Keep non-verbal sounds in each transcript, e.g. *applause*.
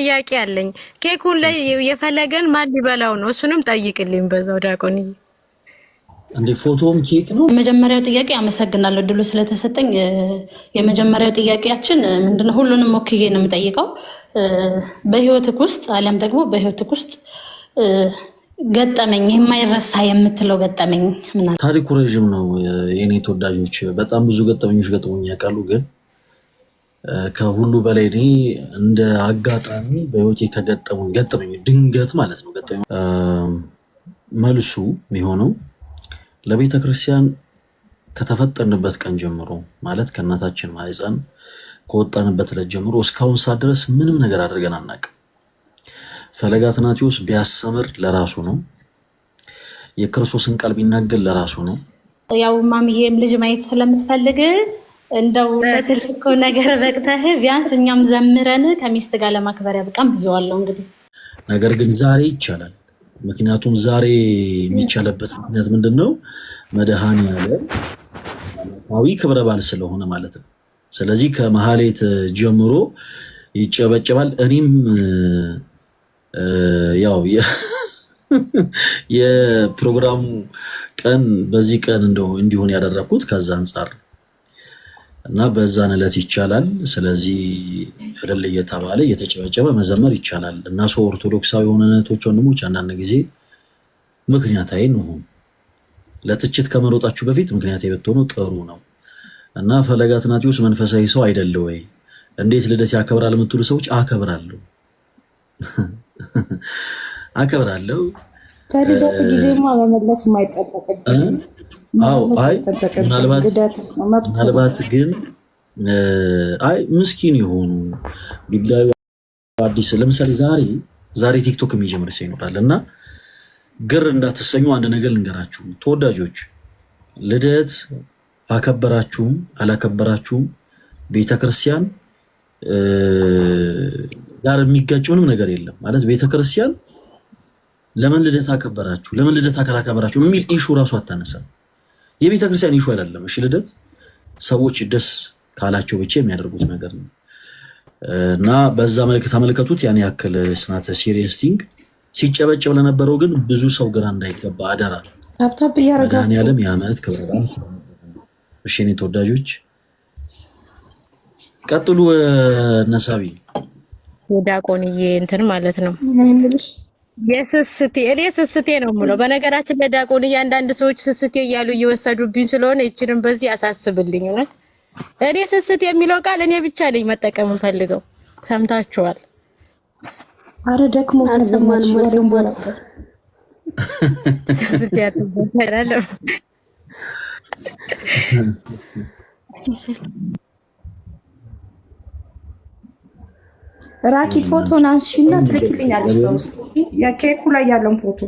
ጥያቄ አለኝ። ኬኩን ላይ የፈለገን ማን ሊበላው ነው? እሱንም ጠይቅልኝ በዛው ዲያቆን። እንደ ፎቶም ኬክ ነው። የመጀመሪያው ጥያቄ አመሰግናለሁ፣ ድሉ ስለተሰጠኝ። የመጀመሪያው ጥያቄያችን ምንድነው? ሁሉንም ወክዬ ነው የምጠይቀው። በህይወትክ ውስጥ አሊያም ደግሞ በህይወትክ ውስጥ ገጠመኝ የማይረሳ የምትለው ገጠመኝ ምናምን? ታሪኩ ረዥም ነው የእኔ ተወዳጆች፣ በጣም ብዙ ገጠመኞች ገጥሞኝ ያውቃሉ ግን ከሁሉ በላይ እኔ እንደ አጋጣሚ በህይወቴ ከገጠሙኝ ገጠመኝ ድንገት ማለት ነው ገጠመኝ መልሱ የሚሆነው ለቤተ ክርስቲያን ከተፈጠርንበት ቀን ጀምሮ ማለት ከእናታችን ማህፀን ከወጣንበት ዕለት ጀምሮ እስካሁን ሳት ድረስ ምንም ነገር አድርገን አናውቅም። ፈለገ አትናቴዎስ ቢያስተምር ለራሱ ነው። የክርስቶስን ቃል ቢናገር ለራሱ ነው። ያው ማሚዬም ልጅ ማየት ስለምትፈልግ እንደው ለትልቁ ነገር በቅተህ ቢያንስ እኛም ዘምረን ከሚስት ጋር ለማክበር ያብቃም ብየዋለሁ። እንግዲህ ነገር ግን ዛሬ ይቻላል። ምክንያቱም ዛሬ የሚቻለበት ምክንያት ምንድን ነው? ያለ ዓመታዊ ክብረ በዓል ስለሆነ ማለት ነው። ስለዚህ ከመሀሌት ጀምሮ ይጨበጨባል። እኔም ያው የፕሮግራሙ ቀን በዚህ ቀን እንደው እንዲሆን ያደረግኩት ከዛ አንጻር ነው። እና በዛን ዕለት ይቻላል። ስለዚህ እልል እየተባለ እየተጨበጨበ መዘመር ይቻላል። እና ሰው ኦርቶዶክሳዊ የሆነ እህቶች ወንድሞች፣ አንዳንድ ጊዜ ምክንያታዊ እንሁን። ለትችት ከመሮጣችሁ በፊት ምክንያታዊ ብትሆኑ ጥሩ ነው። እና ፈለገ አትናቲዎስ መንፈሳዊ ሰው አይደለ ወይ? እንዴት ልደት ያከብራል የምትሉ ሰዎች አከብራለሁ፣ *laughs* አከብራለሁ ከልደት ጊዜማ መመለስ የማይጠበቅብኝ አዎ አይ ምናልባት ግን አይ ምስኪን የሆኑ ጉዳዩ አዲስ ለምሳሌ ዛሬ ዛሬ ቲክቶክ የሚጀምር ሰው ይኖራል እና ግር እንዳትሰኙ አንድ ነገር ልንገራችሁ ተወዳጆች ልደት አከበራችሁም አላከበራችሁም ቤተክርስቲያን ጋር የሚጋጭ ምንም ነገር የለም ማለት ቤተክርስቲያን ለምን ልደት አከበራችሁ ለምን ልደት ካላከበራችሁ የሚል ኢሹ ራሱ አታነሳም የቤተ ክርስቲያን ይሹ አይደለም። እሺ ልደት ሰዎች ደስ ካላቸው ብቻ የሚያደርጉት ነገር ነው እና በዛ መልክ ተመልከቱት። ያን ያክል ስናተ ሲሪየስ ቲንግ ሲጨበጨብ ለነበረው ግን ብዙ ሰው ግራ እንዳይገባ አደራ። ታብታብ እያረጋችሁ መድኃኒዓለም የዓመት ክብረ በዓል እሺ፣ የእኔ ተወዳጆች ቀጥሉ። ነሳቢ ዳቆንዬ እንትን ማለት ነው የስስቴ እኔ ስስቴ ነው የምለው። በነገራችን ላይ ዲያቆን እያንዳንድ ሰዎች ስስቴ እያሉ እየወሰዱብኝ ስለሆነ ይችንም በዚህ ያሳስብልኝ። እውነት እኔ ስስቴ የሚለው ቃል እኔ ብቻ ነኝ መጠቀም ፈልገው። ሰምታችኋል። አረ ደክሞ ስስቴ ያለ *laughs* ራኪ ፎቶን አንሺና ትልክልኛለች በውስጥ የኬኩ ላይ ያለውን ፎቶ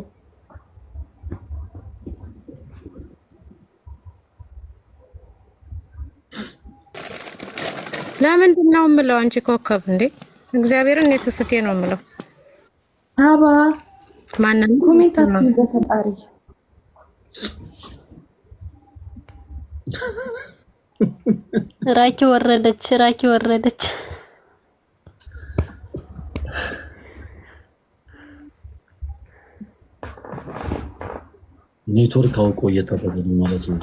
ለምንድን ነው የምለው? አንቺ ኮከብ እንዴ! እግዚአብሔርን እኔ ስስቴ ነው የምለው። አባ ማንም ኮሜንት በፈጣሪ ራኪ ወረደች፣ ራኪ ወረደች። ኔትወርክ አውቆ እየጠረገ ነው ማለት ነው።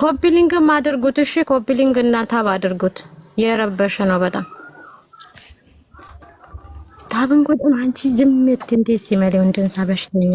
ኮፒሊንግ አድርጉት። እሺ ኮፒሊንግ እና ታብ አድርጉት። የረበሸ ነው በጣም ታብን ቁጥም አንቺ ጅምት እንዴት ሲመለው እንድንሳ በሽተኛ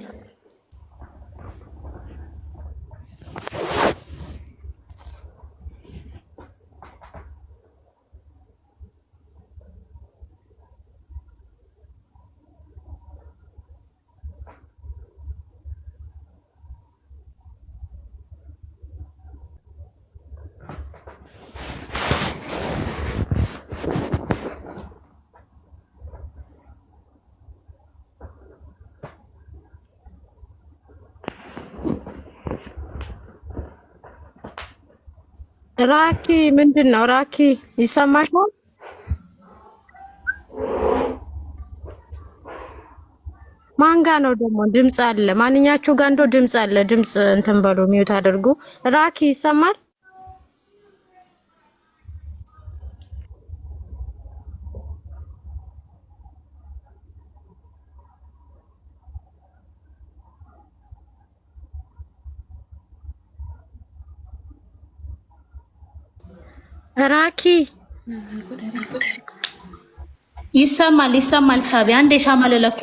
ራኪ ምንድን ነው? ራኪ ይሰማሻል? ማንጋ ነው ደግሞ ድምፅ አለ። ማንኛችሁ ጋር እንደው ድምፅ አለ። ድምፅ እንትን በሉ ሚዩት አድርጉ። ራኪ ይሰማል? ራኪ ይሰማል፣ ይሰማል። ሳቢ አንድ የሻማ ለለኩ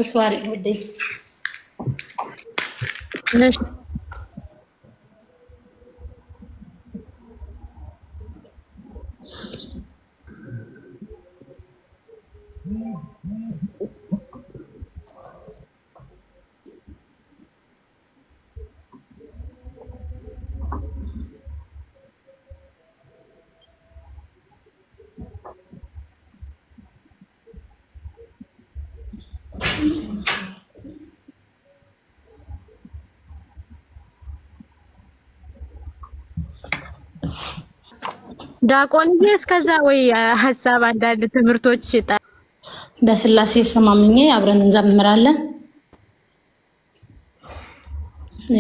ዳቆን እስከዛ ወይ ሀሳብ አንዳንድ ትምህርቶች በስላሴ ሰማምኝ አብረን እንዘምራለን።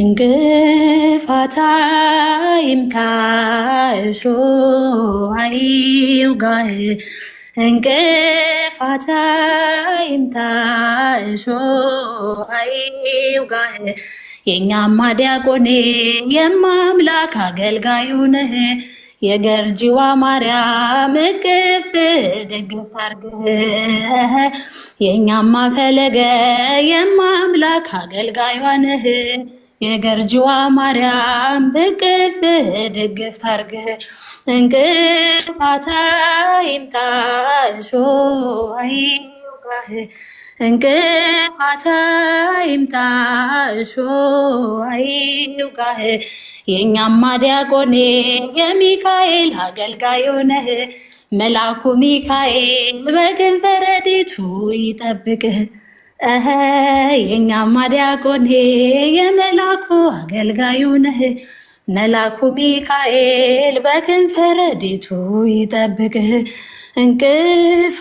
እንግፋታ ይምታሽ አይውጋህ፣ እንቅፋታ አይውጋህ የእኛማ ዲያቆኔ የማምላክ አገልጋዩ ነህ የገርጂዋ ማርያም እቅፍ ደግፍ ታርግህ የእኛማ ፈለገ የማምላክ አገልጋዩ ነህ የገርጂዋ ማርያም እቅፍ ደግፍ ታርግህ እንቅፋታ ይምጣ ሾ አይውጋህ እንቅፋት ይምጣሽ አይውጋህ የእኛማ ዲያቆኔ የሚካኤል አገልጋይ ሆነህ መልአኩ ሚካኤል በግን ፈረዲቱ ይጠብቅህ። የእኛማ ዲያቆኔ የመልአኩ አገልጋዩ ነህ መላኩ ሚካኤል በክንፈ ረድኤቱ ይጠብቅህ እንቅፋ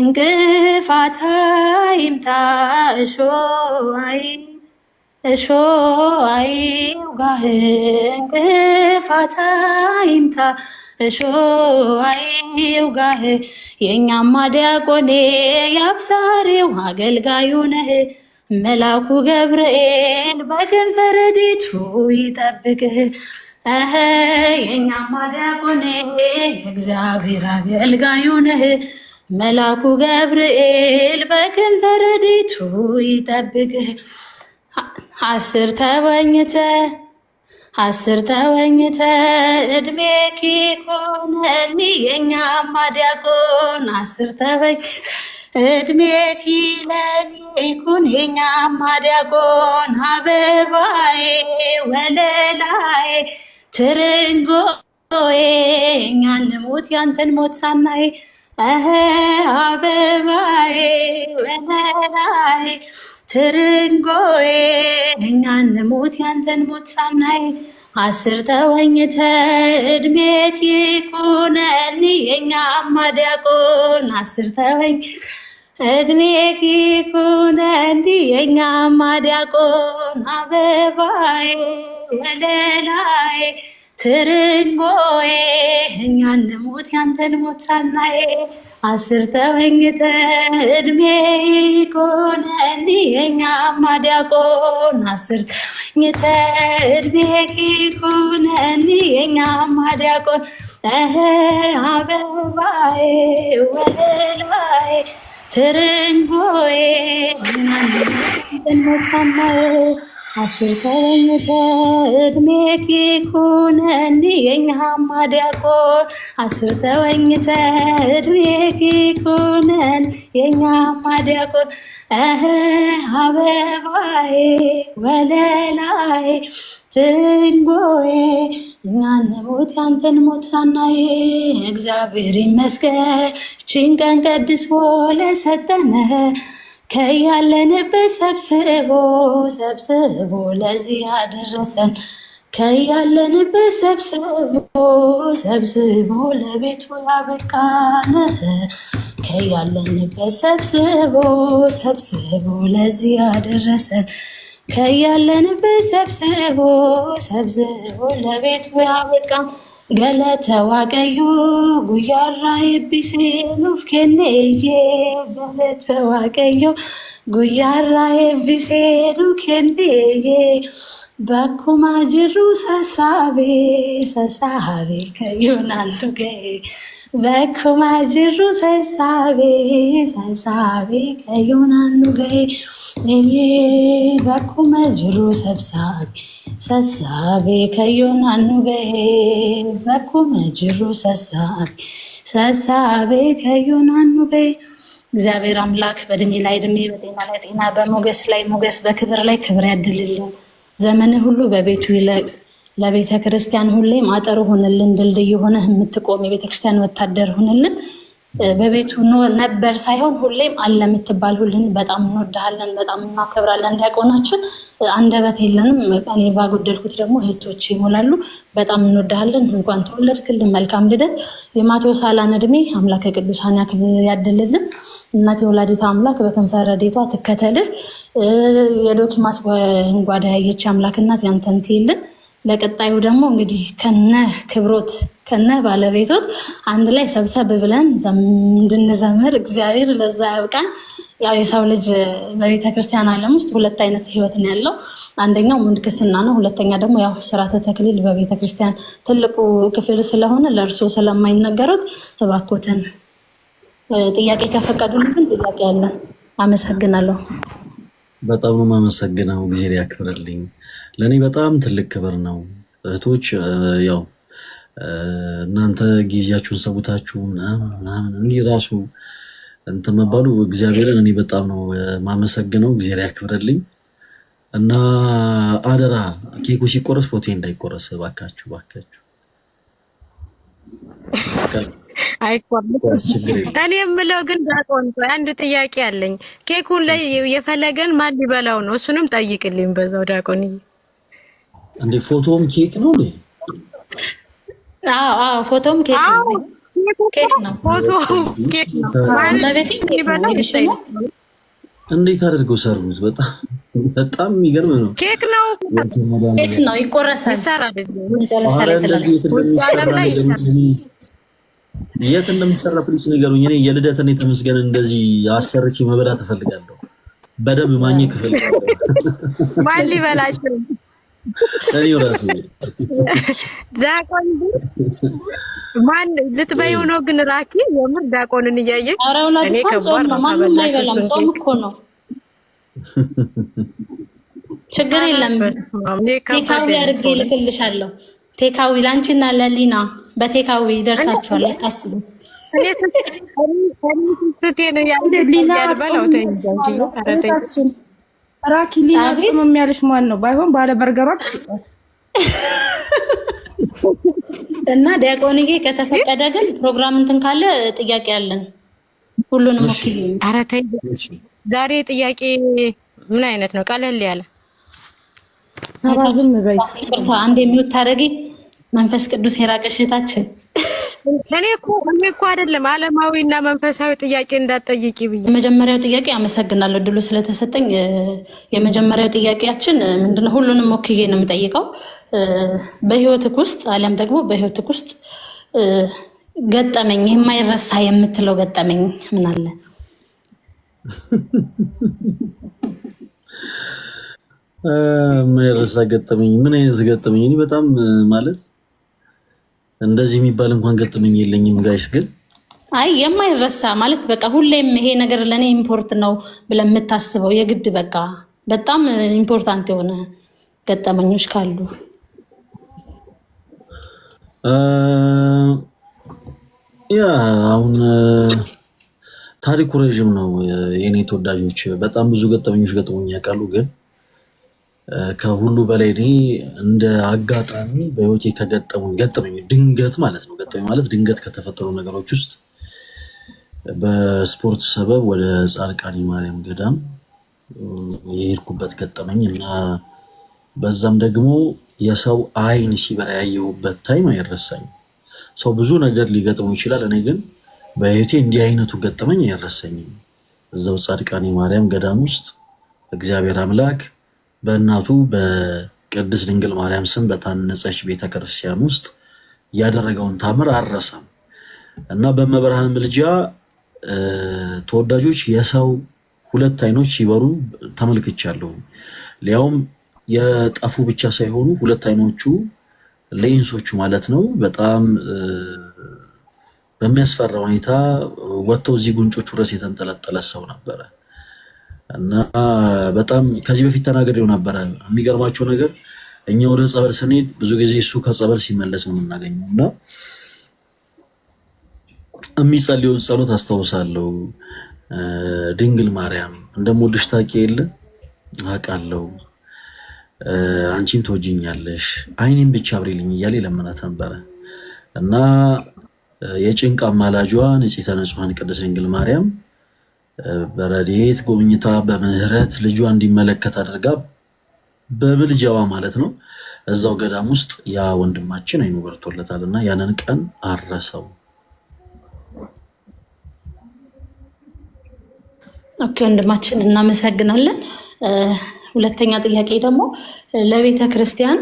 እንቅፋት አይምታ እሾይ እሾይ ውጋህ እንቅፋት አይምታ እሾይ ውጋህ የእኛማ ዲያቆኔ የአብሳሪው አገልጋዩ ነህ መላኩ ገብርኤል በክንፈ ረድኤቱ ይጠብቅህ። የእኛማ ዲያቆኔ የእግዚአብሔር አገልጋዩ ነህ መላኩ ገብርኤል በክንፈ ረድኤቱ ይጠብቅ። አስር ተወኝተ አስር ተወኝተ እድሜ ኪኮነኒ የኛ ዲያቆን አስር ተወኝ እድሜ ኪለኒ ኩን የኛ ዲያቆን አበባዬ ወለላዬ ትርንጎዬ እኛን ሞት ያንተን ሞት ሳናዬ አበባዬ መራዬ ትርንጎዬ እኛን ሞት ያንተን ሞት ሳናይ አስር ተወኝተ እድሜ ይቁነኒ የኛ ማዲያቆን አስር ተወኝ እድሜት ይቁነኒ የኛ ማዲያቆን አበባዬ ወለላዬ ትርንጎዬ እኛን ልሙት ያንተን ሞት ሳናዬ አስር ተመኝተ እድሜ ይቆነን የኛማ ዲያቆን አስር ተመኝተ እድሜ ይቆነን የኛማ ዲያቆን አበባዬ ወለልባዬ ትርንጎዬ እኛን ልሙት ያንተን ሞት ሳናዬ አስከረኝተ እድሜኪ ኩነኒ የኛ ማዲያቆን አስር ተወኝተ እድሜኪ ኩነን የኛ ማዲያቆን አበባዬ ወለላዬ ትንጎዬ እኛ እንሞት ያንተን ሞት ሳናዬ እግዚአብሔር ይመስገን ቺን ቀን ቀድሶ ለሰጠነ ከያለንበት ሰብስቦ ሰብስቦ ለዚህ አደረሰን። ከያለንበት ሰብስቦ ሰብስቦ ለቤቱ ያበቃን። ከያለንበት ሰብስቦ ሰብስቦ ለዚህ አደረሰን። ከያለንበት ሰብስቦ ሰብስቦ ለቤቱ ያበቃን። ገለተ waaqayዩ ጉያራ ኤቢሴ ኑፍ ኬኔየ ገለተ waaqayyo ጉያራ ኤቢሴ ኑ ኬኔየ ባኩማ ጅሩ ሰሳቤ ሰሳቤ ከዩናንዱ ገኤ ባኩማ ጅሩ ሰሳቤ ሰሳቤ ከዩናንዱ ገኤ ባኩማ ጅሩ ሰብሳቤ ሰሳቤ ከዮናኑ በኩመ ጅሩ ሰሳቤ ሰሳቤ ከዮናኑ እግዚአብሔር አምላክ በእድሜ ላይ እድሜ በጤና ላይ ጤና በሞገስ ላይ ሞገስ በክብር ላይ ክብር ያድልልን። ዘመን ሁሉ በቤቱ ይለቅ። ለቤተ ክርስቲያን ሁሌም አጠር ሁንልን። ድልድይ ሆነህ የምትቆም የቤተ ክርስቲያን ወታደር ሁንልን። በቤቱ ኖር ነበር ሳይሆን ሁሌም አለ የምትባል ሁልን በጣም እንወድሃለን፣ በጣም እናከብራለን። እንዲያቆናችን አንደበት የለንም። እኔ ባጎደልኩት ደግሞ እህቶች ይሞላሉ። በጣም እንወድሃለን። እንኳን ተወለድክልን። መልካም ልደት። የማቴዎስ አላን እድሜ አምላክ ቅዱሳን ያድልልን። እናት የወላዲታ አምላክ በክንፈ ረድኤቷ ትከተልህ። የዶኪማስ እንጓዳ ያየች አምላክ እናት ያንተን ትይልን። ለቀጣዩ ደግሞ እንግዲህ ከነ ክብሮት ከነ ባለቤቶት አንድ ላይ ሰብሰብ ብለን እንድንዘምር እግዚአብሔር ለዛ ያብቃን። ያው የሰው ልጅ በቤተ ክርስቲያን ዓለም ውስጥ ሁለት አይነት ህይወት ነው ያለው። አንደኛው ምንኩስና ነው። ሁለተኛ ደግሞ ያው ስርዓተ ተክሊል በቤተ ክርስቲያን ትልቁ ክፍል ስለሆነ ለእርሶ ስለማይነገሩት እባኮትን ጥያቄ ከፈቀዱልን ጥያቄ ያለን። አመሰግናለሁ። በጣም ነው የማመሰግነው። እግዚአብሔር ያክብርልኝ። ለእኔ በጣም ትልቅ ክብር ነው እህቶች ያው እናንተ ጊዜያችሁን ሰውታችሁ ምናምን እንዲህ ራሱ እንትን መባሉ እግዚአብሔርን እኔ በጣም ነው ማመሰግነው። እግዚአብሔር ያክብረልኝ እና አደራ ኬኩ ሲቆረስ ፎቴ እንዳይቆረስ ባካችሁ፣ ባካችሁ እኔ የምለው ግን ዳቆን አንድ ጥያቄ አለኝ። ኬኩን ላይ የፈለገን ማን ሊበላው ነው? እሱንም ጠይቅልኝ በዛው ዳቆን። እንዴ ፎቶም ኬክ ነው ፎቶም ኬክ ነው። እንዴት አድርገው ሰሩት? በጣም በጣም የሚገርም ነው። ኬክ ነው፣ ኬክ ነው፣ ይቆረሳል፣ የት እንደሚሰራ ፕሊስ ንገሩኝ። እኔ የልደትን የተመስገን እንደዚህ አሰርቼ መበላት እፈልጋለሁ። በደንብ ማግኘት እፈልጋለሁ። ማን ሊበላቸው እኔው ራሱ ዳቆን ማን ልትበይው ነው ግን ራኪ የምር ዳቆንን እያየች እኔ ከባድ ነው። ታበላሽ ጾም እኮ ነው። ችግር የለም። ቴካዊ አድርጌ ልክልሻለሁ። ቴካዊ ላንቺና ለሊና በቴካዊ ይደርሳችኋል። አታስቡ። ሊና ራኪ ጽኑ የሚያልሽ ማን ነው? ባይሆን ባለ በርገሯ እና ዲያቆንዬ ከተፈቀደ ግን ፕሮግራም እንትን ካለ ጥያቄ አለን። ሁሉንም ወኪል አረተ ዛሬ ጥያቄ ምን አይነት ነው? ቀለል ያለ አንድ የሚወት ታደረጊ መንፈስ ቅዱስ የራቀሽ እህታችን እኔ እኮ እኔ እኮ አይደለም አለማዊ እና መንፈሳዊ ጥያቄ እንዳትጠይቂ ብዬ። የመጀመሪያው ጥያቄ አመሰግናለሁ ድሎ ስለተሰጠኝ። የመጀመሪያው ጥያቄያችን ምንድነው? ሁሉንም ሞክዬ ነው የምጠይቀው። በህይወትክ ውስጥ አሊያም ደግሞ በህይወትክ ውስጥ ገጠመኝ የማይረሳ የምትለው ገጠመኝ ምን አለ? የማይረሳ ገጠመኝ ምን አይነት ገጠመኝ? እኔ በጣም ማለት እንደዚህ የሚባል እንኳን ገጠመኝ የለኝም ጋይስ። ግን አይ የማይረሳ ማለት በቃ ሁሌም ይሄ ነገር ለእኔ ኢምፖርት ነው ብለን የምታስበው የግድ በቃ በጣም ኢምፖርታንት የሆነ ገጠመኞች ካሉ ያ አሁን ታሪኩ ረዥም ነው የኔ ተወዳጆች፣ በጣም ብዙ ገጠመኞች ገጥሞኝ ያውቃሉ ግን ከሁሉ በላይ እኔ እንደ አጋጣሚ በህይወቴ ከገጠሙኝ ገጠመኝ ድንገት ማለት ነው። ገጠመኝ ማለት ድንገት ከተፈጠሩ ነገሮች ውስጥ በስፖርት ሰበብ ወደ ጻድቃኔ ማርያም ገዳም የሄድኩበት ገጠመኝ እና በዛም ደግሞ የሰው አይን ሲበራ ያየሁበት ታይም አይረሳኝ። ሰው ብዙ ነገር ሊገጥመው ይችላል። እኔ ግን በህይወቴ እንዲህ አይነቱ ገጠመኝ አይረሳኝም። እዛው ጻድቃኔ ማርያም ገዳም ውስጥ እግዚአብሔር አምላክ በእናቱ በቅድስት ድንግል ማርያም ስም በታነጸች ቤተክርስቲያን ውስጥ ያደረገውን ታምር አረሰም። እና በመብርሃን ምልጃ ተወዳጆች የሰው ሁለት አይኖች ሲበሩ ተመልክቻለሁ። ሊያውም የጠፉ ብቻ ሳይሆኑ ሁለት አይኖቹ ሌንሶቹ ማለት ነው በጣም በሚያስፈራ ሁኔታ ወጥተው እዚህ ጉንጮቹ ድረስ የተንጠለጠለ ሰው ነበረ። እና በጣም ከዚህ በፊት ተናግሬው ነበረ። የሚገርማቸው ነገር እኛ ወደ ጸበል ስንሄድ ብዙ ጊዜ እሱ ከጸበል ሲመለስ ነው የምናገኘው እና የሚጸልየውን ጸሎት አስታውሳለሁ። ድንግል ማርያም እንደምወድሽ ታውቂ የለ አውቃለሁ፣ አንቺም ተወጅኛለሽ አይኔም ብቻ አብሪልኝ እያለ ለምናት ነበረ እና የጭንቅ አማላጇ ንጽሕተ ንጹሐን ቅድስት ድንግል ማርያም በረድኤት ጎብኝታ በምህረት ልጇ እንዲመለከት አድርጋ በምልጃዋ ማለት ነው እዛው ገዳም ውስጥ ያ ወንድማችን አይኑ በርቶለታል እና ያንን ቀን አረሰው። ኦኬ ወንድማችን እናመሰግናለን። ሁለተኛ ጥያቄ ደግሞ ለቤተ ክርስቲያን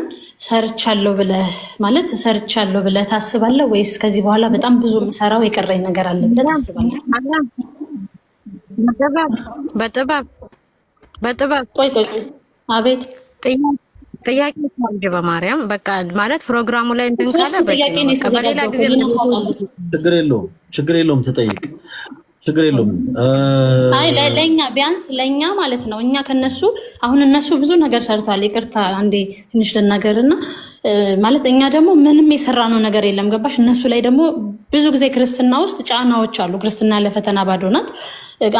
ሰርቻለሁ ብለህ ማለት ሰርቻለሁ ብለህ ታስባለህ ወይስ ከዚህ በኋላ በጣም ብዙ የምሰራው የቀረኝ ነገር አለ ብለህ ታስባለህ? በጥበብ በጥበብ ቆይ ቆይ አቤት ጥያቄ ታርጅ በማርያም በቃ ማለት ፕሮግራሙ ላይ እንትን ካለ በሌላ ጊዜ ችግር የለውም፣ ችግር የለውም፣ ትጠይቅ ችግር የለውም። አይ ለእኛ ቢያንስ ለእኛ ማለት ነው እኛ ከነሱ አሁን እነሱ ብዙ ነገር ሰርቷል። ይቅርታ አንዴ ትንሽ ልናገርና ማለት እኛ ደግሞ ምንም የሰራነው ነገር የለም። ገባሽ? እነሱ ላይ ደግሞ ብዙ ጊዜ ክርስትና ውስጥ ጫናዎች አሉ። ክርስትና ለፈተና ባዶ ናት።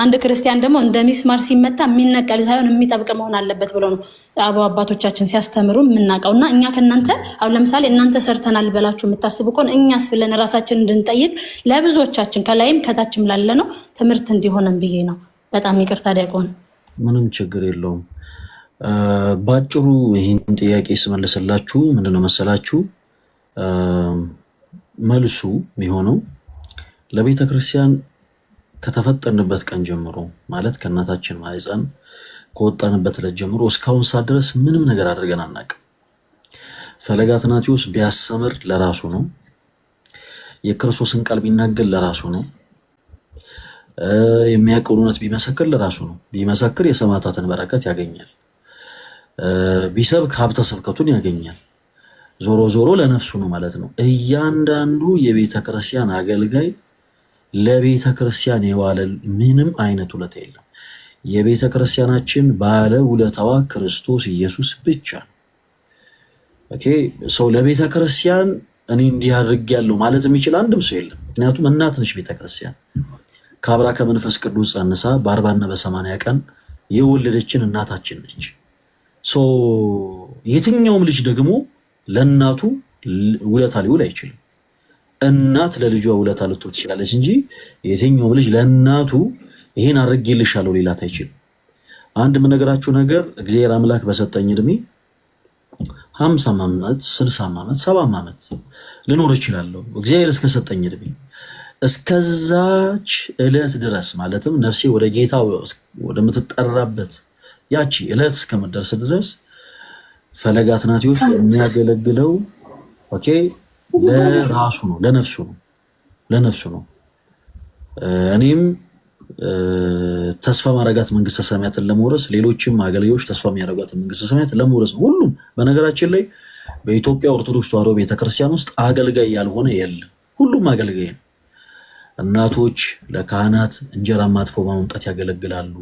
አንድ ክርስቲያን ደግሞ እንደ ሚስማር ሲመታ የሚነቀል ሳይሆን የሚጠብቅ መሆን አለበት ብለው ነው አበ አባቶቻችን ሲያስተምሩ የምናውቀው እና እኛ ከእናንተ አሁን ለምሳሌ እናንተ ሰርተናል ብላችሁ የምታስቡ ከሆነ እኛስ ብለን ራሳችን እንድንጠይቅ ለብዙዎቻችን ከላይም ከታችም ላለ ነው ትምህርት እንዲሆነን ብዬ ነው። በጣም ይቅርታ ደቆን ምንም ችግር የለውም። በአጭሩ ይህን ጥያቄ ስመልስላችሁ ምንድነው መሰላችሁ መልሱ የሚሆነው ለቤተ ክርስቲያን ከተፈጠርንበት ቀን ጀምሮ ማለት ከእናታችን ማህፀን ከወጣንበት ዕለት ጀምሮ እስካሁን ሰዓት ድረስ ምንም ነገር አድርገን አናቅም። ፈለገ አትናቴዎስ ቢያስተምር ለራሱ ነው። የክርስቶስን ቃል ቢናገር ለራሱ ነው። የሚያውቀውን እውነት ቢመሰክር ለራሱ ነው። ቢመሰክር የሰማዕታትን በረከት ያገኛል። ቢሰብክ ሀብተ ስብከቱን ያገኛል። ዞሮ ዞሮ ለነፍሱ ነው ማለት ነው። እያንዳንዱ የቤተ ክርስቲያን አገልጋይ ለቤተ ክርስቲያን የዋለ ምንም አይነት ውለታ የለም። የቤተ ክርስቲያናችን ባለ ውለታዋ ክርስቶስ ኢየሱስ ብቻ ነው። ኦኬ ሰው ለቤተ ክርስቲያን እኔ እንዲህ አድርጌያለሁ ማለት የሚችል አንድም ሰው የለም። ምክንያቱም እናት ነች ቤተ ክርስቲያን ከአብራ ከመንፈስ ቅዱስ ጸንሳ በአርባና በሰማንያ ቀን የወለደችን እናታችን ነች። የትኛውም ልጅ ደግሞ ለእናቱ ውለታ ሊውል አይችልም። እናት ለልጇ ውለታ ልትውል ትችላለች እንጂ የትኛውም ልጅ ለእናቱ ይሄን አድርጌልሻለሁ ሌላት አይችልም። አንድ የምነግራችሁ ነገር እግዚአብሔር አምላክ በሰጠኝ እድሜ ሀምሳም ዓመት ስልሳም ዓመት ሰባም ዓመት ልኖር እችላለሁ። እግዚአብሔር እስከሰጠኝ እድሜ እስከዛች እለት ድረስ ማለትም ነፍሴ ወደ ጌታ ወደምትጠራበት ያቺ እለት እስከምደርስ ድረስ ፈለገ አትናትዮስ የሚያገለግለው ኦኬ ለራሱ ነው፣ ለነፍሱ ነው፣ ለነፍሱ ነው። እኔም ተስፋ ማረጋት መንግስተ ሰማያትን ለመውረስ ሌሎችም አገልጋዮች ተስፋ የሚያደርጓትን መንግስተ ሰማያትን ለመውረስ ነው። ሁሉም በነገራችን ላይ በኢትዮጵያ ኦርቶዶክስ ተዋሕዶ ቤተክርስቲያን ውስጥ አገልጋይ ያልሆነ የለም። ሁሉም አገልጋይ ነው። እናቶች ለካህናት እንጀራ ማጥፎ በማምጣት ያገለግላሉ።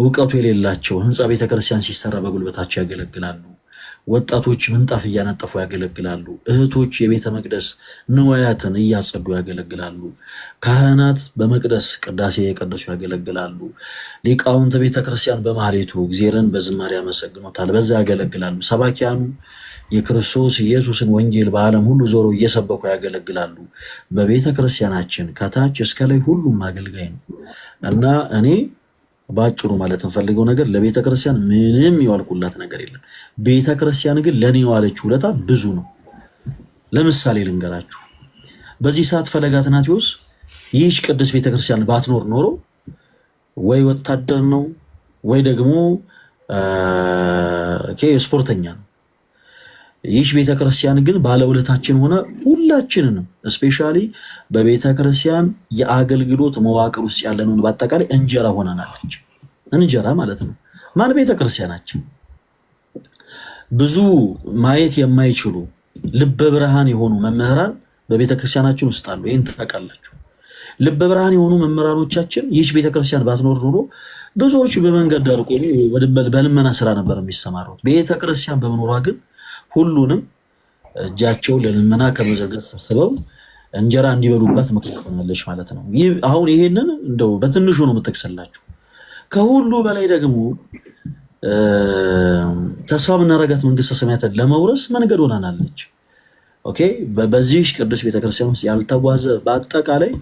እውቀቱ የሌላቸው ህንፃ ቤተክርስቲያን ሲሰራ በጉልበታቸው ያገለግላሉ። ወጣቶች ምንጣፍ እያነጠፉ ያገለግላሉ። እህቶች የቤተ መቅደስ ንዋያትን እያጸዱ ያገለግላሉ። ካህናት በመቅደስ ቅዳሴ እየቀደሱ ያገለግላሉ። ሊቃውንተ ቤተ ክርስቲያን በማህሌቱ እግዚአብሔርን በዝማሬ በዛ ያገለግላሉ። ሰባኪያኑ የክርስቶስ ኢየሱስን ወንጌል በዓለም ሁሉ ዞሮ እየሰበኩ ያገለግላሉ። በቤተ ክርስቲያናችን ከታች እስከ ላይ ሁሉም አገልጋይ ነው እና እኔ በአጭሩ ማለት የምፈልገው ነገር ለቤተ ክርስቲያን ምንም የዋልኩላት ነገር የለም። ቤተ ክርስቲያን ግን ለእኔ የዋለችው ውለታ ብዙ ነው። ለምሳሌ ልንገራችሁ። በዚህ ሰዓት ፈለገ አትናቴዎስ ይህች ቅዱስ ቤተ ክርስቲያን ባትኖር ኖሮ ወይ ወታደር ነው ወይ ደግሞ ስፖርተኛ ነው ይህች ቤተክርስቲያን ግን ባለውለታችን ሆነ ሁላችንንም እስፔሻሊ በቤተክርስቲያን የአገልግሎት መዋቅር ውስጥ ያለነውን በአጠቃላይ እንጀራ ሆነናለች። እንጀራ ማለት ነው ማን ቤተክርስቲያናችን? ብዙ ማየት የማይችሉ ልበ ብርሃን የሆኑ መምህራን በቤተክርስቲያናችን ውስጥ አሉ። ይህን ታውቃላችሁ። ልበ ብርሃን የሆኑ መምህራኖቻችን ይህች ቤተክርስቲያን ባትኖር ኖሮ ብዙዎች በመንገድ ዳር ቆሞ በልመና ስራ ነበር የሚሰማሩት። ቤተክርስቲያን በመኖሯ ግን ሁሉንም እጃቸው ለልመና ከመዘርጋት ሰብስበው እንጀራ እንዲበሉባት ምክንያት ሆናለች ማለት ነው። አሁን ይሄንን እንደው በትንሹ ነው የምጠቅስላችሁ። ከሁሉ በላይ ደግሞ ተስፋ የምናረጋት መንግስተ ሰማያትን ለመውረስ መንገድ ሆናናለች። ኦኬ በዚህ ቅዱስ ቤተክርስቲያን ውስጥ ያልተጓዘ በአጠቃላይ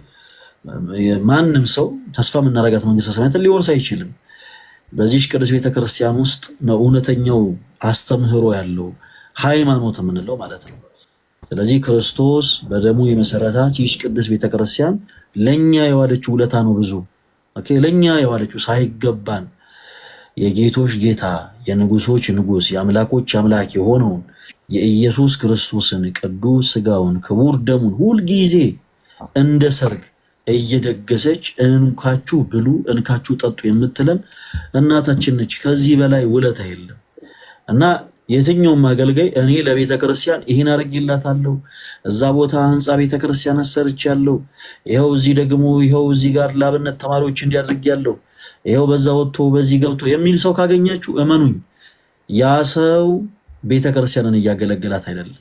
ማንም ሰው ተስፋ የምናረጋት መንግስተ ሰማያትን ሊወርስ አይችልም። በዚህ ቅዱስ ቤተክርስቲያን ውስጥ ነው እውነተኛው አስተምህሮ ያለው ሃይማኖት የምንለው ማለት ነው። ስለዚህ ክርስቶስ በደሙ የመሰረታት ይህች ቅዱስ ቤተክርስቲያን ለኛ የዋለችው ውለታ ነው ብዙ ለእኛ ለኛ የዋለችው ሳይገባን የጌቶች ጌታ የንጉሶች ንጉስ የአምላኮች አምላክ የሆነውን የኢየሱስ ክርስቶስን ቅዱስ ስጋውን ክቡር ደሙን ሁልጊዜ እንደ ሰርግ እየደገሰች እንካችሁ ብሉ እንካችሁ ጠጡ የምትለን እናታችን ነች። ከዚህ በላይ ውለታ የለም እና የትኛውም አገልጋይ እኔ ለቤተ ክርስቲያን ይህን አድርጌላታለሁ፣ እዛ ቦታ ህንፃ ቤተ ክርስቲያን አሰርቻለሁ፣ ይኸው እዚህ ደግሞ ይኸው እዚህ ጋር ለአብነት ተማሪዎች እንዲያድርጊያለሁ፣ ይኸው በዛ ወጥቶ በዚህ ገብቶ የሚል ሰው ካገኛችሁ እመኑኝ፣ ያ ሰው ቤተ ክርስቲያንን እያገለገላት አይደለም።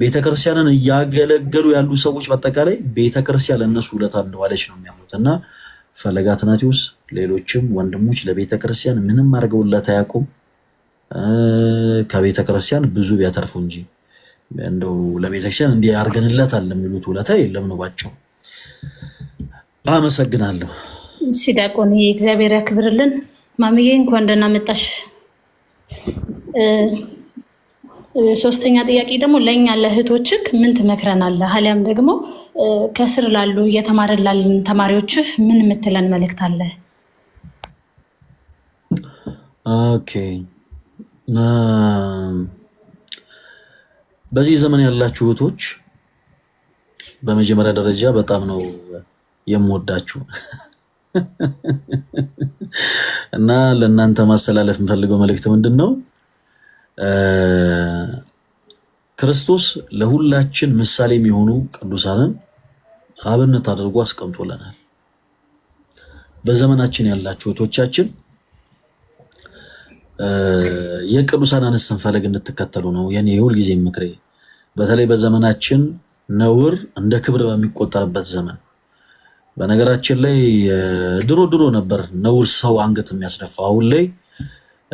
ቤተ ክርስቲያንን እያገለገሉ ያሉ ሰዎች በአጠቃላይ ቤተ ክርስቲያን ለእነሱ ውለታ እንደዋለች ነው የሚያምኑት እና ፈለገ ሌሎችም ወንድሞች ለቤተ ክርስቲያን ምንም አድርገውላት አያውቁም። ከቤተ ክርስቲያን ብዙ ቢያተርፉ እንጂ እንደው ለቤተ ክርስቲያን እንዲህ አድርገንላታል የሚሉት ውለታ የለም ነው ባቸው። አመሰግናለሁ። እሺ ዲያቆን እግዚአብሔር ያክብርልን። ማሚዬ እንኳን ደህና መጣሽ። ሶስተኛ ጥያቄ ደግሞ ለእኛ ለእህቶችህ ምን ትመክረናለህ? አሊያም ደግሞ ከስር ላሉ እየተማርን ተማሪዎችህ ምን የምትለን መልእክት አለ? ኦኬ በዚህ ዘመን ያላችሁ እህቶች በመጀመሪያ ደረጃ በጣም ነው የምወዳችሁ *laughs* እና ለእናንተ ማስተላለፍ የምፈልገው መልእክት ምንድን ነው? ክርስቶስ ለሁላችን ምሳሌ የሚሆኑ ቅዱሳንን አብነት አድርጎ አስቀምጦለናል። በዘመናችን ያላችሁ እህቶቻችን የቅዱሳን አንስትን ፈለግ እንድትከተሉ ነው የኔ የሁልጊዜ ምክሬ። በተለይ በዘመናችን ነውር እንደ ክብር በሚቆጠርበት ዘመን በነገራችን ላይ ድሮ ድሮ ነበር ነውር ሰው አንገት የሚያስደፋው። አሁን ላይ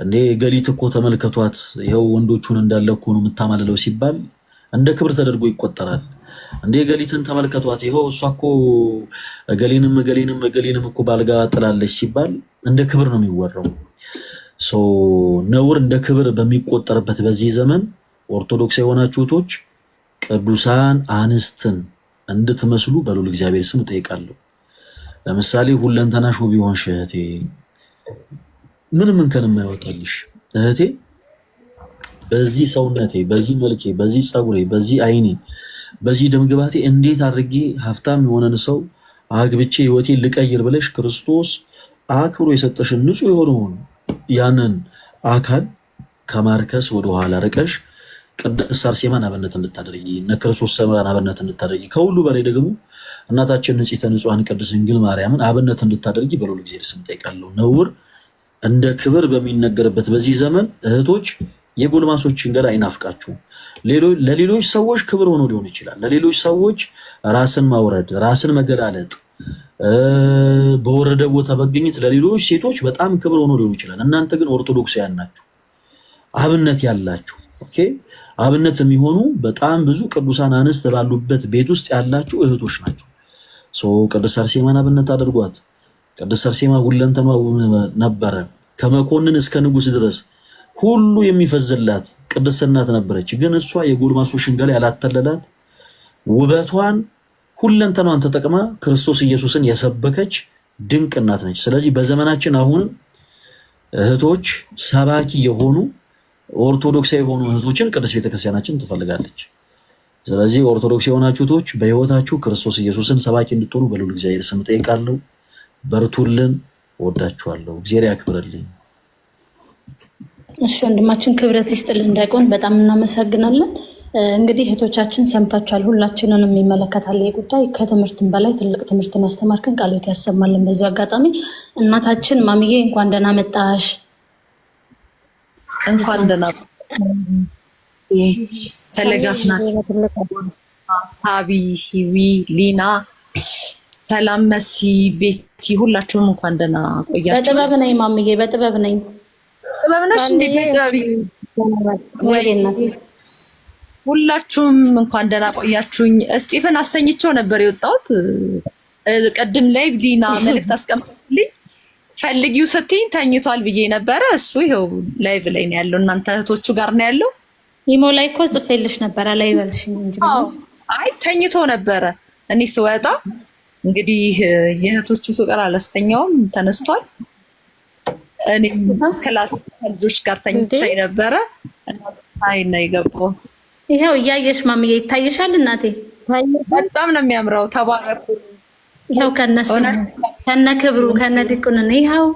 እኔ ገሊት እኮ ተመልከቷት፣ ይኸው ወንዶቹን እንዳለ እኮ ነው የምታማልለው ሲባል እንደ ክብር ተደርጎ ይቆጠራል። እንዴ ገሊትን ተመልከቷት፣ ይኸው እሷ እኮ ገሊንም ገሊንም ገሊንም እኮ ባልጋ ጥላለች ሲባል እንደ ክብር ነው የሚወራው። ነውር እንደ ክብር በሚቆጠርበት በዚህ ዘመን ኦርቶዶክስ የሆናችሁ ቅዱሳን አንስትን እንድትመስሉ በሉል እግዚአብሔር ስም እጠይቃለሁ። ለምሳሌ ሁለንተናሽ ውብ የሆንሽ እህቴ፣ ምንም እንከን የማይወጣልሽ እህቴ፣ በዚህ ሰውነቴ፣ በዚህ መልኬ፣ በዚህ ፀጉሬ፣ በዚህ አይኔ፣ በዚህ ደምግባቴ እንዴት አድርጌ ሀብታም የሆነን ሰው አግብቼ ህይወቴ ልቀይር ብለሽ ክርስቶስ አክብሮ የሰጠሽን ንጹሕ የሆነውን ያንን አካል ከማርከስ ወደኋላ ርቀሽ ቅድስት አርሴማን አብነት እንድታደርጊ እነ ክርስቶስ ሰምራን አብነት እንድታደርጊ ከሁሉ በላይ ደግሞ እናታችን ንጽሕተ ንጹሐን ቅድስት ድንግል ማርያምን አብነት እንድታደርጊ በሎል ጊዜ ስም ጠይቃለሁ። ነውር እንደ ክብር በሚነገርበት በዚህ ዘመን እህቶች የጎልማሶችን ገላ አይናፍቃችሁም። ለሌሎች ሰዎች ክብር ሆኖ ሊሆን ይችላል። ለሌሎች ሰዎች ራስን ማውረድ፣ ራስን መገላለጥ በወረደ ቦታ መገኘት ለሌሎች ሴቶች በጣም ክብር ሆኖ ሊሆን ይችላል። እናንተ ግን ኦርቶዶክሳውያን ናችሁ፣ አብነት ያላችሁ ኦኬ። አብነት የሚሆኑ በጣም ብዙ ቅዱሳን አንስት ባሉበት ቤት ውስጥ ያላችሁ እህቶች ናቸው። ቅድስት አርሴማን አብነት አድርጓት። ቅድስት አርሴማ ሁለንተኗ ነበረ፣ ከመኮንን እስከ ንጉሥ ድረስ ሁሉ የሚፈዝላት ቅድስት እናት ነበረች። ግን እሷ የጎልማሶ ሽንገላ ያላተለላት ውበቷን ሁለንተኗን ተጠቅማ ክርስቶስ ኢየሱስን የሰበከች ድንቅ እናት ነች። ስለዚህ በዘመናችን አሁን እህቶች ሰባኪ የሆኑ ኦርቶዶክሳዊ የሆኑ እህቶችን ቅድስት ቤተክርስቲያናችን ትፈልጋለች። ስለዚህ ኦርቶዶክስ የሆናችሁ እህቶች በህይወታችሁ ክርስቶስ ኢየሱስን ሰባኪ እንድትሆኑ በልዑል እግዚአብሔር ስም ጠይቃለሁ። በርቱልን። ወዳችኋለሁ። እግዚአብሔር ያክብርልኝ። እሺ ወንድማችን ክብረት ይስጥልን። እንዳይቆን በጣም እናመሰግናለን። እንግዲህ እህቶቻችን ሰምታችኋል። ሁላችንን የሚመለከታል ይህ ጉዳይ። ከትምህርትን በላይ ትልቅ ትምህርትን ያስተማርከን ቃሎት ያሰማልን። በዚ አጋጣሚ እናታችን ማሚዬ እንኳን ደህና መጣሽ። እንኳን ደህና ተለጋፍና ሂዊ፣ ሊና፣ ሰላም፣ መሲ፣ ቤቲ ሁላችሁም እንኳን ደህና ቆያችሁ። በጥበብ ነኝ ማምዬ፣ በጥበብ ነኝ። ጥበብ ነሽ እንዴ? በጥበብ ሁላችሁም እንኳን ደህና ቆያችሁኝ። እስጢፈን አስተኝቸው ነበር የወጣሁት። ቅድም ላይ ሊና መልእክት አስቀምጥልኝ ፈልጊው ስትይኝ ተኝቷል ብዬ ነበረ። እሱ ይኸው ላይቭ ላይ ነው ያለው፣ እናንተ እህቶቹ ጋር ነው ያለው። ኢሞ ላይ እኮ ጽፌልሽ ነበረ ላይ በልሽ አይ ተኝቶ ነበረ። እኔ ስወጣ እንግዲህ የእህቶቹ ፍቅር አላስተኛውም፣ ተነስቷል። እኔም ክላስ ከልጆች ጋር ተኝቼ ነበረ እና እና የገባሁት ይሄው እያየሽ ማምዬ ይታይሻል። እናቴ በጣም ነው የሚያምረው። ተባረኩ። ይሄው ከነሱ ከነ ክብሩ ከነ ዲቁንን ይሄው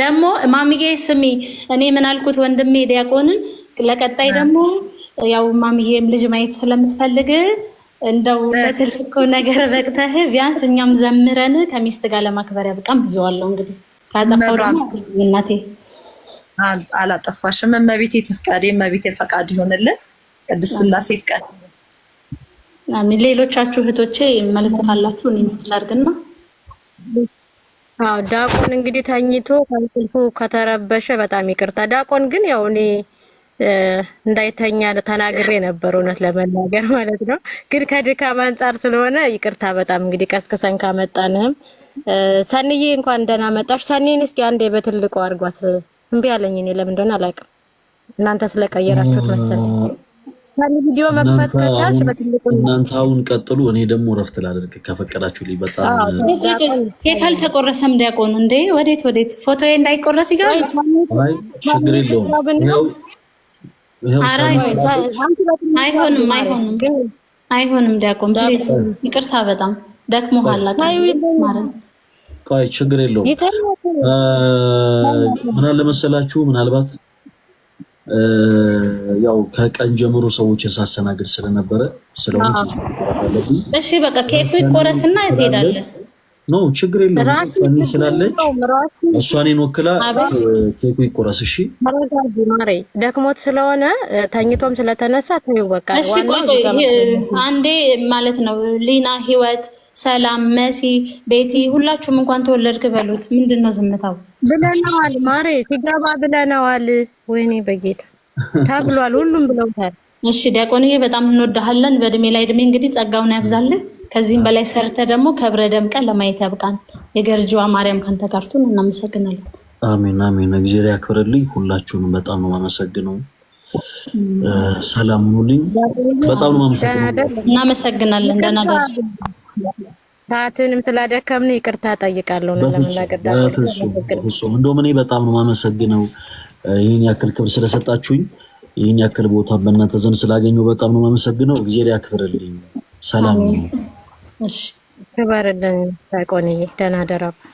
ደግሞ ማምዬ ስሚ፣ እኔ ምን አልኩት ወንድሜ ዲያቆንን ለቀጣይ ደግሞ ያው ማምዬም ልጅ ማየት ስለምትፈልግ እንደው ለትልቁ ነገር በቅተህ ቢያንስ እኛም ዘምረን ከሚስት ጋር ለማክበር ያብቃም ብየዋለሁ። እንግዲህ ካጠፋው ደግሞ እናቴ አላጠፋሽም። እመቤቴ ትፍቀዴ፣ እመቤቴ ፈቃድ ይሆንልን። ቅድስት ስላሴ ይፍቀድ። አሜን። ሌሎቻችሁ እህቶቼ መልእክት ካላችሁ እኔ ላድርግና አዎ ዲያቆን እንግዲህ ተኝቶ ከእንቅልፉ ከተረበሸ በጣም ይቅርታ። ዳቆን ግን ያው እኔ እንዳይተኛ ተናግሬ ነበር እውነት ለመናገር ማለት ነው። ግን ከድካም አንጻር ስለሆነ ይቅርታ በጣም እንግዲህ ቀስቅሰን ካመጣንህም። ሰንዬ እንኳን ደህና መጣሽ። ሰኔን እስኪ አንዴ በትልቁ አድርጓት። እምቢ አለኝ እኔ ለምን እንደሆነ አላውቅም። እናንተ ስለቀየራችሁት መሰለኝ። ቪዲዮ መክፈት ከቻልሽ እናንተ አሁን ቀጥሉ። እኔ ደግሞ ረፍት ላደርግ ከፈቀዳችሁ ላይ በጣም ኬክ አልተቆረሰም ዲያቆን። እንዴ ወዴት ወዴት? ፎቶ እንዳይቆረስ ይገባል። ችግር የለውም። አይሆንም አይሆንም አይሆንም። ዲያቆን ይቅርታ፣ በጣም ደክሞሃል። ቆይ ችግር የለውም። ምን አለ መሰላችሁ ምናልባት ያው ከቀን ጀምሮ ሰዎችን ሳስተናግድ ስለነበረ ስለሆነ እሺ፣ በቃ ኬኩ ይቆረስና ትሄዳለህ። ኖ ችግር የለም። ሰኒ ስላለች እሷኔን ወክላ ኬኩ ይቆረስ። እሺ ማሬ ደክሞት ስለሆነ ተኝቶም ስለተነሳ ተይው በቃ። እሺ አንዴ ማለት ነው ሊና፣ ህይወት፣ ሰላም፣ መሲ፣ ቤቲ ሁላችሁም እንኳን ተወለድክ በሉት። ምንድን ነው ዝምታው? ብለነዋል ማሬ ሲገባ ብለነዋል። ወይኔ በጌታ ተብሏል። ሁሉም ብለውታል። እሺ ዲያቆንዬ በጣም እንወዳሃለን። በእድሜ ላይ እድሜ እንግዲህ ጸጋውን ያብዛልህ። ከዚህም በላይ ሰርተ ደግሞ ከብረ ደምቀን ለማየት ያብቃን። የገርጂዋ ማርያም ካንተ ጋር ትሁን። እናመሰግናለን። አሜን አሜን። እግዚአብሔር ያክብርልኝ። ሁላችሁንም በጣም ነው የማመሰግነው። ሰላም ሁኑልኝ። በጣም ነው የማመሰግነው። እናመሰግናለን። ደህና ደር ታትንም ትላደከምን ይቅርታ ጠይቃለሁ። ለመናገር በፍጹም እንደውም እኔ በጣም ነው የማመሰግነው ይህን ያክል ክብር ስለሰጣችሁኝ ይህን ያክል ቦታ በእናንተ ዘንድ ስላገኘው በጣም ነው የማመሰግነው። እግዚአብሔር ያክብርልኝ። ሰላም ነው። እሺ፣ ግባርልን ዲያቆንዬ፣ ደህና ደራባት።